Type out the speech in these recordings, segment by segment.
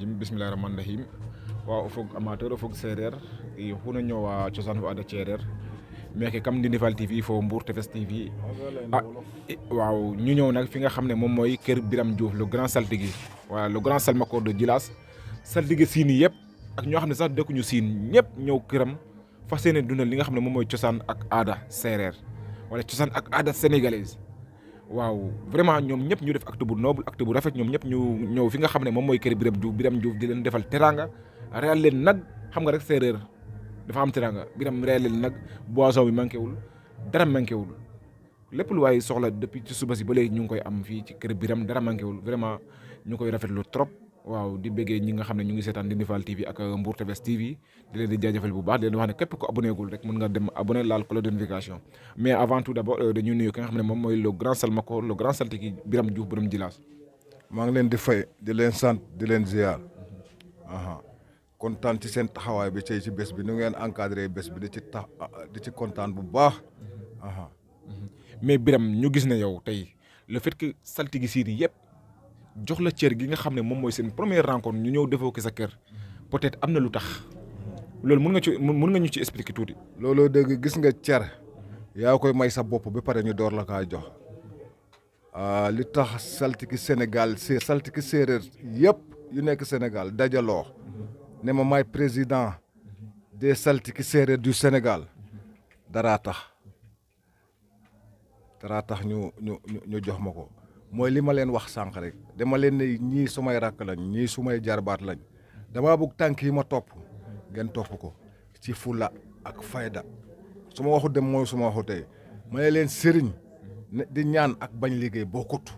jim bismillahi rahmani rahim wa o fog amateur o fog sereer i oxu na ñoowa cosaan fo aada cereer meeke kam Ndindyfal TV fo Mbour Tefesse TV waaw ñu ñëw nag fi nga xam ne moom mooy kër Birame Diouf le grand saltigui voilà le grand salmakoor de Djilas saltigui siin yi yëpp ak ñoo xam ne sax dëkkuñu siin ñëpp ñëw këram fas yéene dundal li nga xam ne moom mooy cosaan ak aada seereer wala cosaan ak aada sénégalaise waaw vraiment ñoom ñëpp ñu def acte bu noble acte bu rafet ñoom ñëpp ñu ñëw fi nga xam ne moom mooy kër Birame Diouf Birame Diouf di leen defal teranga reyal leen nag xam nga rek séeréer dafa am teranga Birame reyal leen nag boisson bi manqué wul dara manqué wul lépp lu waaye soxla depuis ci suba si ba léegi ñu ngi koy am fii ci kër Birame dara manqué wul vraiment ñu koy rafetlu trop. waaw di bëggee ñi nga xam ne ñu ngi seetaan Ndindy Fall TV ak Mbour Tefesse TV di leen di jaajëfal bu baax di leen wax ne képp ko rek mën nga dem abonné laal cloche de notification mais avant tout d'abord euh, dañuy nuyu ki nga xam ne moom mooy le grand Salmaco le grand saltiki Biram Diouf Biram Jilaas maa ngi leen di fay di leen sant di leen ziar aha kontaan ci seen taxawaay bi tey ci bés bi nu ngeen encadré bés bi di ci tax di ci kontaan bu baax aha Biram ñu gis ne yow tey le fait que saltigi siiri yëpp jox la cër gi nga xam ne moom mooy seen première rencontre ñu ñëw defoo ki sa kër peut-être am na lu tax loolu mun nga ci mun nga ñu ci expliquer tuuti. looloo dégg gis nga cer yaa koy may sa bopp bi pare ñu door la kaa jox ah, li tax saltiki Sénégal see saltiki séeréer yëpp yu nekk Sénégal dajaloo ne ma may président des saltiki séeréer du Sénégal daraa tax dara tax ñu ñu ñu jox ma ko. mooy li ma leen wax sànq rek dama leen ne ñii sumay rakk lañ ñii sumay jarbaat lañ damaa bëgg tànk yi ma topp ngeen topp ko ci fula ak fayda su ma waxu dem mooy su ma waxu tey ma leen sëriñ di ñaan ak bañ liggéey bokkut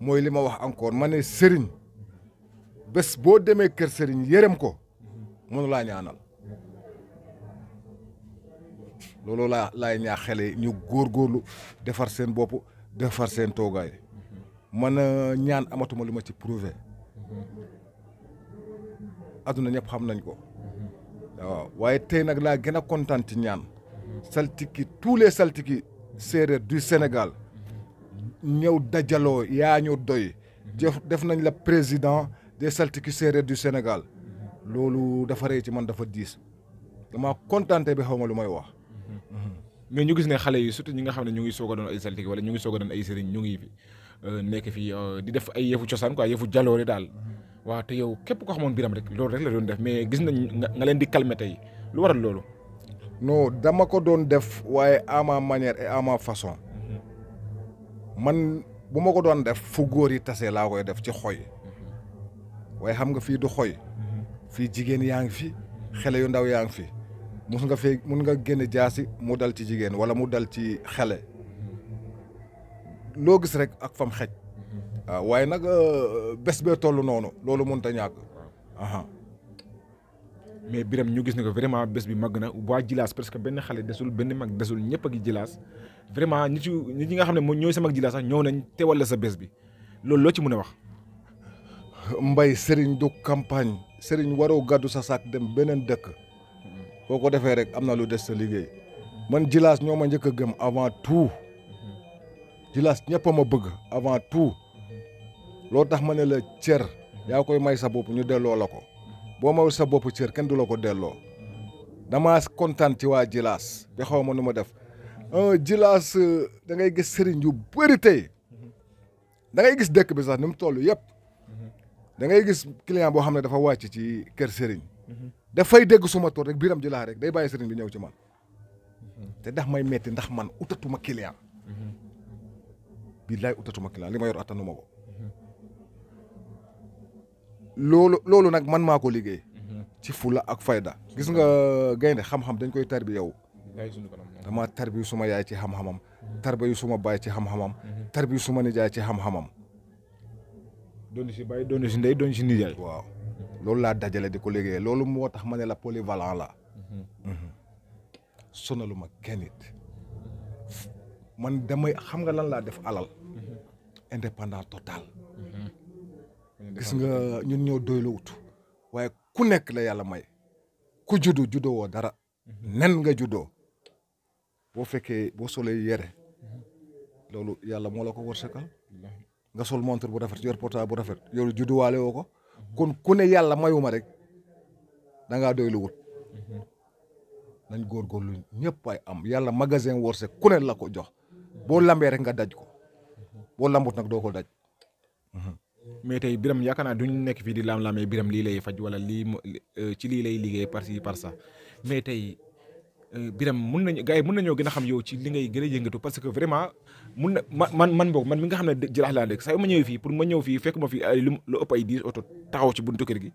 mooy li ma wax encore ma ne sëriñ bés boo demee kër sëriñ yërëm ko mënu laa ñaanal loolu laa laay ñaax xale ñu góorgóorlu defar seen bopp defar seen toogaay man ñaan amatuma lu ma ci prouvé na ñëpp xam nañ ko waaw waaye tey nag laa gën a kontaan ci ñaan saltiki tous les saltiki séeréer du Sénégal ñëw dajaloo yaa ñëw doy def nañ la président des saltiki séeréer du Sénégal loolu dafa rey man dafa diis dama kontaante bi xaw ma lu may wax mais ñu gis ne xale yi surtout ñi nga xam ne ñu ngi soog a doon ay saltige wala ñu ngi a doon ñu ngi fi euh, nekk fi euh, di def ay yëfu cosaan quoi yëfu jaloore daal waaw te yow képp ko xamoon biram rek loolu rek la doon def mais gis nañ nga leen di calmer tey lu waral loolu. non dama ko doon def waaye à ma manière et à façon man bu ma ko doon def fu góor yi tasee laa koy def ci xoy waaye xam nga fii du xoy fii jigéen yaa ngi fi xele yu ndaw yaa ngi fi. mus nga fee mun nga génn jaasi mu dal ci jigéen wala mu dal ci xale loo gis rek ak fam xej waaw ah, waaye nag euh, bés bee toll noonu loolu mënut a ñàkk. mais Birame ñu gis ne ko vraiment bés bi màgg na waa Jilaas que benn xale desul benn mag desul ñëpp a ngi Jilaas vraiment ñi ci ñi nga xam ne mooy ñooy sa mag Jilaas sax ñëw nañ teewal la sa bes bi loolu loo ci mën a wax. Mbay sëriñ du campagne Serigne waroo gàddu sa saak dem beneen dëkk. boo ko defee rek am na lu des sa liggéey man Djilass ñoo ma njëkk a gëm avant tout Djilass ñëpp a ma bëgg avant tout loo tax ma ne la cër yaa koy may sa bopp ñu delloo la ko boo mayul sa boppu cër kenn du la ko delloo damaa kontaan ci waa Djilass bi xaw ma nu ma def euh, jilaas euh, da ngay gis sëriñ yu bëri tey da ngay gis dëkk bi sax ni mu toll yëpp da ngay gis client boo xam ne dafa wàcc ci kër sëriñ dafay dégg suma tur rek biram ji laa rek day bàyyi sëriñ bi ñëw ci man te ndax may metti ndax man utatuma client billaay utatuma client li ma yor attanuma ko loolu loolu nag man maa ko liggéey ci fula ak fayda gis nga gaynde xam-xam dañ koy tarbi yow dama tarbi suma yaay ci xam-xamam tarbi suma baay ci xam-xamam tarbi suma nijaay ci xam-xamam doon si baay doon si ndey doon waaw loolu laa dajale di ko liggéeyee loolu moo tax ma ne la polyvalent la mm-hmm. Mm-hmm. sonaluma kenn it man damay xam nga lan laa def alal mm-hmm. indépendant total gis nga ñun ñoo doylu wut waaye ku nekk la yàlla may ku juddu juddoo woo dara nen nga juddoo boo fekkee boo solee yére loolu yàlla moo la ko wërsëgal nga sol montre bu rafet yor portable bu rafet yow judduwaale woo ko kon ku ne yàlla mayuma rek da ngaa nañ lu wut nañ góorgóorlu ñëpp ay am yàlla magasin wërsëg ku ne la ko jox boo lambee rek nga daj ko boo lambut nag doo ko daj. mais tey biram yaakaar naa duñ nekk fii di lam-lamee biram lii lay faj wala lii euh, ci lii lay liggéey par ci par ça tey Euh, biram mun nañu gars yi mun nañoo gën a xam yow ci li ngay gën a yëngatu parce que vraiment mun na man man boog man mi nga xam ne jëlaat laa dëkk saa yu ñëw ñëwee fii pour ma ñëw fii fekk ma fi ay lu ëpp ay dix oto taxaw ci buntu kër gi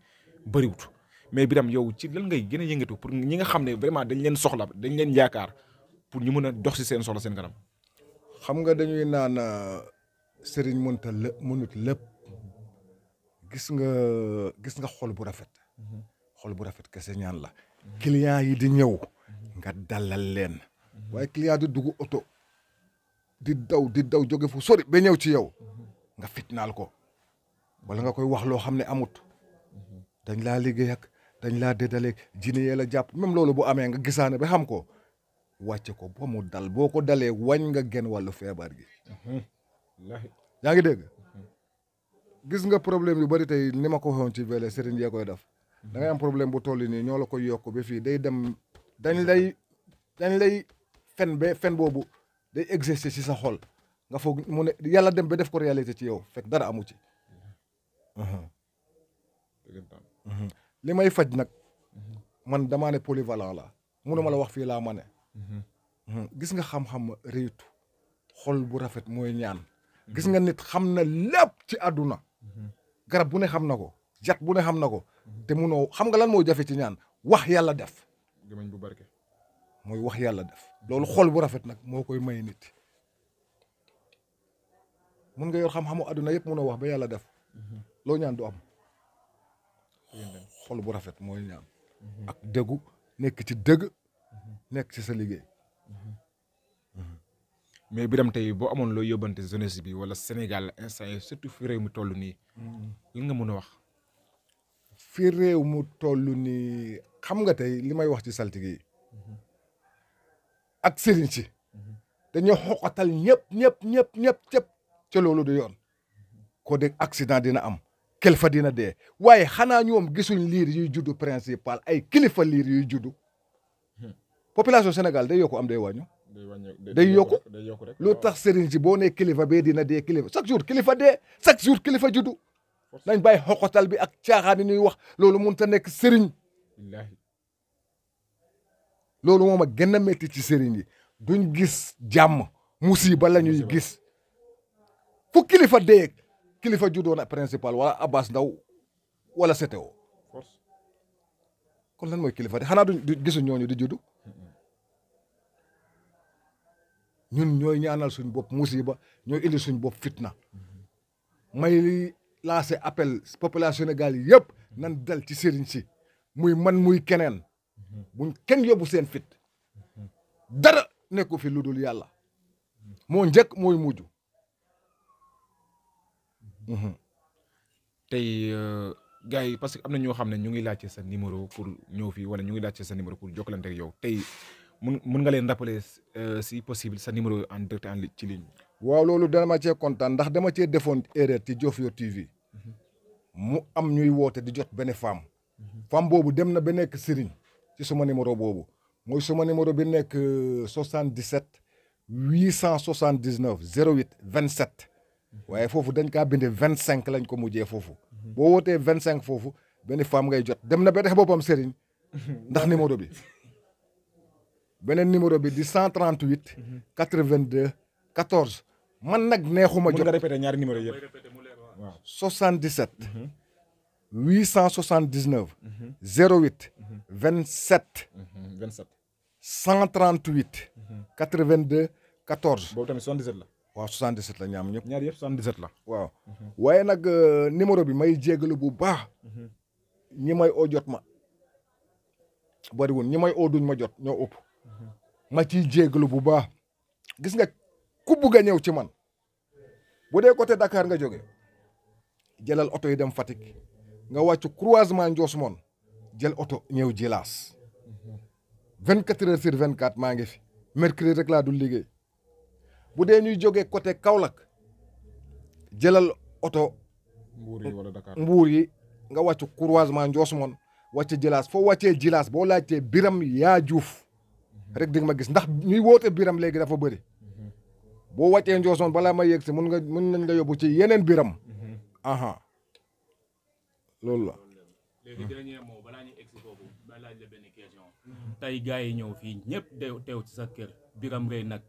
bëriwut mais biram yow ci lan ngay gën a yëngatoo pour ñi nga xam ne vraiment dañ leen soxla dañ leen pour ñu mën a dox si seen soxla seen kanam. xam nga dañuy naan euh, sëriñ mënta lë mënut lépp gis nga gis nga xol bu rafet. Mhm. xol bu rafet kese ñaan la. client yi di ñëw. nga dalal leen. Mm-hmm. waaye client du dugg oto. di daw di daw jóge fu sori ba ñëw ci yow mm-hmm. nga fitnaal ko bala nga koy wax loo xam ne amut mm-hmm. dañ laa liggéey ak dañ laa dédaleeg jine yee la jàpp même loolu bu amee nga gisaane ba xam ko wàcce ko ba dal boo ko dalee wañ nga genn wàllu feebar gi. yaa ngi dégg gis nga problème yu bari tey ni ma ko waxoon ci véle sëriñ yee koy def da ngay am problème bu toll nii ñoo la koy yokk fii day dem dañ lay dañ lay fen ba fen boobu day exister si sa xol nga foog mu ne yàlla dem ba def ko réalité ci yow fekk dara amu ci. Uh-huh. Uh-huh. li may faj nag uh-huh. man damaa ne polyvalent la ma la wax fii laa ma ne. gis nga xam-xam réytu xol bu rafet mooy ñaan. gis nga nit xam na lépp ci àdduna. garab bu ne xam na ko jat bu ne xam na ko. te munoo xam nga lan moo jafe ci ñaan wax yàlla def. gémmiñ bu barke. mooy wax yàlla def loolu xol bu rafet nag moo koy may nit mun nga yor xam-xamu àdduna yëpp munoo wax ba yàlla def mm-hmm. loo ñaan du am xol bu rafet mooy ñaan ak dëggu nekk ci dëgg mm-hmm. nekk ci sa liggéey mm-hmm. mais Birame tey boo amoon loo yóbbante jeunesse bi wala Sénégal instant yi surtout fi réew mi toll nii lan nga mën a wax fi réew mu toll ni xam nga tey li may wax ci saltige yi mhm. ak sëriñ si mhm. dañoo xoqatal ñëpp ñëpp ñëpp ñëpp ñëpp ca loolu du yoon mhm. ko de accident dina am kilifa dina dee waaye xanaa ñoom gisuñ liir yuy juddu principal ay kilifa liir yuy juddu population Sénégal day yokku am day wàññu day yokku lu tax sëriñ si boo nee kilifa bee dina dee kilifa chaque jour kilifa dee chaque jour kilifa juddu nañ bàyyi xoxotal bi ak caaxaan yi ñuy wax loolu mun a nekk sëriñ loolu moom a gën a métti ci sëriñ yi duñ gis jàmm musiba la ñuy gis fu kilifa dee kilifa juddoon na principal wala Abbas Ndaw wala CTO kon lan mooy kilifa de xanaa du gisu ñooñu di juddu ñun ñooy ñaanal suñ bopp musiba ñooy indi suñ bopp fitna mm-hmm. may lancé appel population Sénégal yi yëpp nan dal ci sëriñ si muy man muy keneen buñ kenn yóbbu seen fit dara nekku fi lu dul yàlla moo njëkk mooy mujj. Mhm. tey euh, gars yi parce que am na ñoo xam ne ñu ngi laajte sa numéro pour ñëw fii wala ñu ngi laajte sa numéro pour jokkalante ak yow tey mun mun nga leen rappeler euh, si possible sa numéro en direct en ci ligne. waaw loolu dama cee kontaan ndax dama cee defoon erreur ci Diofior TV mu am ñuy woote di jot benn femme femme boobu dem na ba nekk sëriñ ci suma numéro boobu mooy suma numéro bi nekk 77 879 vingt 27 waaye foofu dañ kaa binde cinq lañ ko mu jee foofu boo wootee vingt cinq foofu benn femme ngay jot dem na ba def boppam sëriñ ndax numéro bi beneen numéro bi di 138 82 14 man nag neexuma jot mun nga répéter ñaari numéro yëpp waaw 77. 879. 08. 27. 27. 138. 82 14. boobu tamit 77 la. waaw 77 la ñaam ñëpp. ñaar yëpp 77 la. waaw waaye nag euh, numéro bi may jégalu bu baax. ñi may oo jot ma. bariwul ñi may oo duñ ma jot ñoo ëpp. ma ciy jégalu bu baax. gis nga ku bugg a ñëw ci man bu dee côté dakaar nga jóge jëlal oto yi dem Fatick nga wàccu croisement moon jël oto ñëw Djilass 24 heures sur 24 maa ngi fi mercredi rek laa du liggéey bu dee ñuy jógee côté Kaolack jëlal oto. Mbuur yi wala yi nga wàccu croisement moon wàcce Djilass foo wàccee Djilass boo laajtee Biram yaa Juuf rek di nga ma gis ndax ñuy woote Biram léegi dafa bëri. boo waccee Ndiosone balaa ma yegg si mun nga mun nañ la yóbbu ci yeneen biram aha loolu la. léegi dernier mot si foofu ma laaj la benn question. tey gars yi ñëw fii ñëpp teew teew ci sa kër biram rëy nag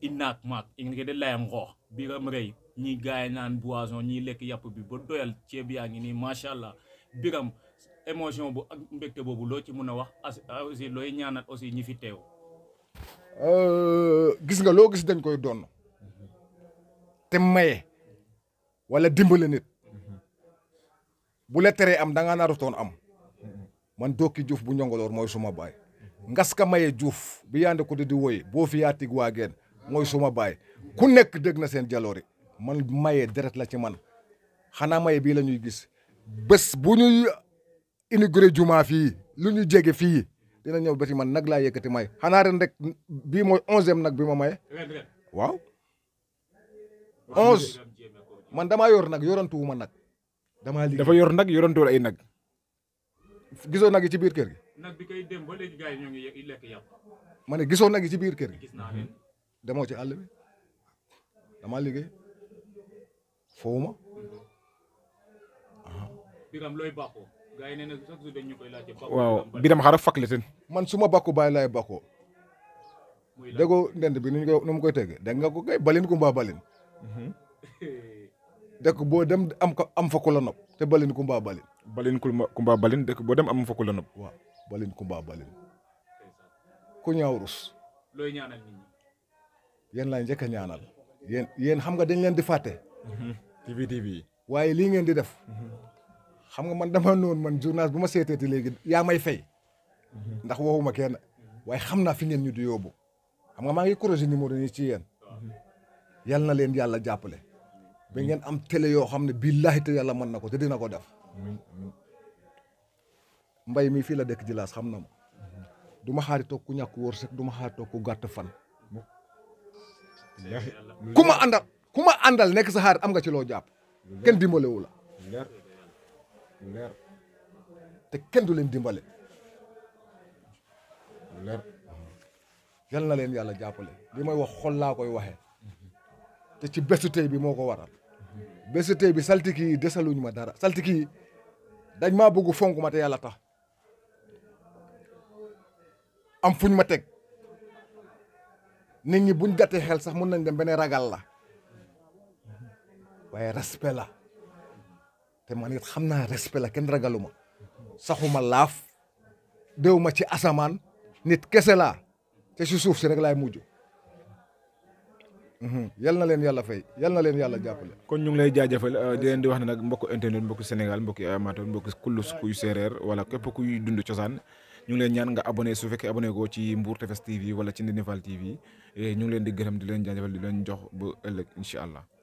inaak maak ingi de layam ngoox biram rëy ñi gars yi naan boison ñi lekk yàpp bi ba doyal ceeb yaa ngi nii macha allah biram émotion bu ak mbégte boobu loo ci mun a wax aussi looy ñaanal aussi ñi fi teew. Euh, gis nga loo gis dañ koy doon te maye wala dimbale nit bu la am da ngaa narutoon am man Doki Diouf bu ñongoloor mooy suma baay ngas ka maye juuf bi yaande ko di di boo fi yaa tig mooy suma baay ku nekk dégg na seen jaloori man maye deret la ci man xanaa maye bi lañuy gis bés bu ñuy inauguré jumaa fii lu ñu jege fii dina ñëw ba ci man nag laa yëkkati may xanaa ren rek bii mooy onzième nag bi ma maye waaw onze man damaa yor nag yorantuwuma nag damaa liggéey dafa yor nag yorantuwul nag gisoo nag ci biir kër gi nag ma ne gisoo nag yi ci biir kër gi demoo ci àll dama damaa liggéey fowuma looy baaxoo waaw biram xara faklitin man suma ma bakku laay bakkoo déggoo ndend bi nuñ koy nu mu koy tëgg dégg nga ko kay balin kumba balin mhm. boo dem am ko am fa ku la nopp te balin kumba balin balin kumba balin dëkk boo dem am fa ku la nopp waaw balin kumba balin ku ñaaw rus looy ñaanal njëkk ñaanal yéen xam nga dañ leen di fàtte mhm. TV TV waaye lii ngeen di def mhm. xam nga man dama noonu man journaliste bu ma seetee seeteeti léegi yaa may fay ndax woowuma kenn waaye xam naa fi ngeen ñu di yoobu xam nga maa ngi corrigé numéro yi ci yéen yal na leen yàlla jàppale ba ngeen am télé yoo xam ne billaahi te yàlla mën na ko te dina ko def mbay mi fii la dëkk jilaas xam na ma du ma xaari toog ku ñàkk wërsëg du ma xaari toog ku gàtt fan ku ma àndal ku ma àndal nekk sa am nga ci loo jàpp kenn dimbalewu la leer te kenn du leen dimbale leer yal na leen yàlla jàppale li may wax xol laa koy waxe te ci bésu tey bi moo ko waral bésu tey bi saltiki yi desaluñu ma dara saltiki yi dañ maa bëgg fonk mate te yàlla tax am fuñ ma teg nit ñi buñ gàttee xel sax mun nañ dem beneen ragal la waaye la te man it xam naa respect la kenn ragaluma saxuma laaf déw ci asamaan nit kese laa te si suuf si rek laay mujj mhm, yal na leen yàlla fay yal leen yàlla jàppale. kon ñu ngi lay jaajëfal euh, di leen di wax ne nag mbokku internet mbokku Sénégal mbokku amateur mbokku kullus kuy séeréer wala képp kuy dund cosaan ñu ngi leen ñaan nga abonné su fekkee abonné ko ci te Tefes TV wala ci Ndindy Fall TV eh, ñu ngi leen di gërëm di leen jaajëfal di leen jox ba ëllëg incha